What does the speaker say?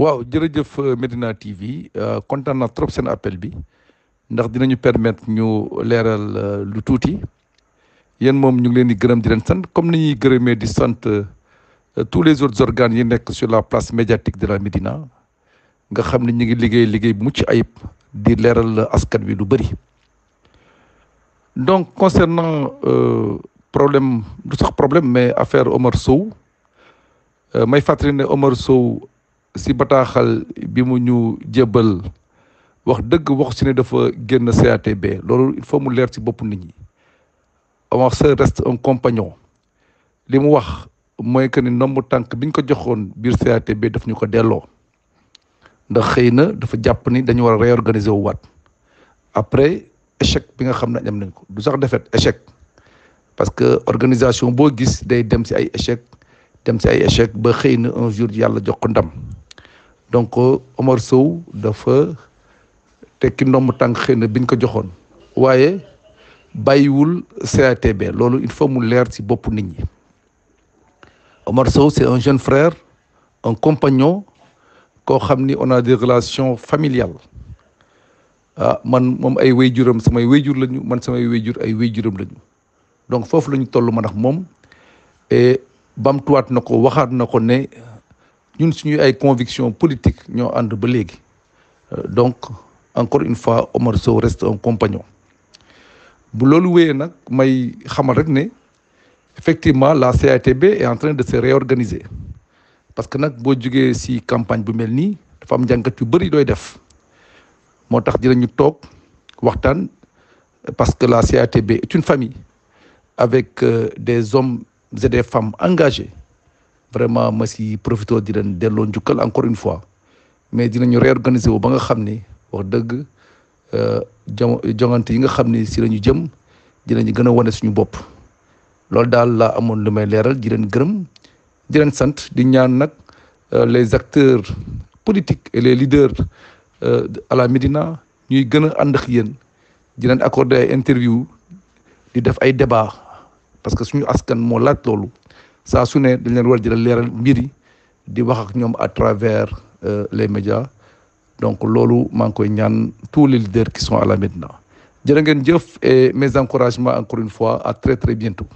waaw jërëjëf euh, Medina TV euh, kontaan na trop seen appel bi ndax dinañu permettre ñu leeral euh, lu tuuti yéen moom ñu ngi leen di gërëm di leen sant comme ni ñuy gërëmee di sant tous les autres organes yi nekk sur la place médiatique de la Médina nga xam ne ñu ngi liggéey liggéey bu mucc ayib di leeral askan wi lu bëri. donc concernant euh, problème du sax problème mais affaire Omar Sow euh, may fàttali ne Omar Sow si bataaxal bi mu ñu jébbal wax dëgg wax si ne dafa génn CATB loolu il mu leer si bopp nit ñi Omar Sow reste un compagnon li mu wax mooy que ni nomb tànk biñ ko joxoon biir CATB daf ñu ko delloo ndax xëy na dafa jàpp ni dañu war a réorganiser wu waat après échec bi nga xam ne am nañ ko du sax défaite échec parce que organisation boo gis day dem si ay échec dem si ay échec ba xëy na un jour yàlla jox ko ndam donc Omar Sow dafa tekki ndomb tànk xëy na biñ ko joxoon waaye bàyyiwul CATB loolu il faut mu leer si boppu nit ñi Omar Sow c'est un jeune frère un compagnon koo xam ni on a des relations Ah, man moom ay wéyjuram samay wéyjur lañu man samay wéyjur ay wéyjuram lañu donc foofu la ñu toll ma ndax moom et bamtuwaat na ko waxaat na ko ne ñun suñuy ay conviction politique ñoo ànd ba léegi euh, donc encore une fois Omar Sow reste un compagnon bu loolu wéyee nag may xamal rek ne effectivement la CITB est en train de se réorganiser parce que nag boo jógee si campagne bu mel nii dafa am njàngat yu bëri dooy def moo tax dinañu toog waxtaan parce que la CATB est une famille avec euh, des hommes et des femmes engagés vraiment ma si profité di leen delloo njukkal encore une fois mais dinañu réorganiser wu ba nga xam ni wax dëgg euh, jongante yi nga xam ni si la ñu jëm dinañu gën a wane suñu bopp loolu daal laa amoon lu may leeral di leen gërëm di leen sant di ñaan nag euh, les acteurs politiques et les leaders Euh, à la Médina ñuy gën a ànd ak yéen dinañ accorder ay interview di def ay débat parce que suñu askan moo laaj loolu saa su ne dañ leen war jëlal leeral mbir yi di wax ak ñoom à travers euh, les médias donc loolu maa ngi koy ñaan tous les leaders qui sont à la Médina jërë ngeen jëf e mes encouragements encore une fois à très très bientôt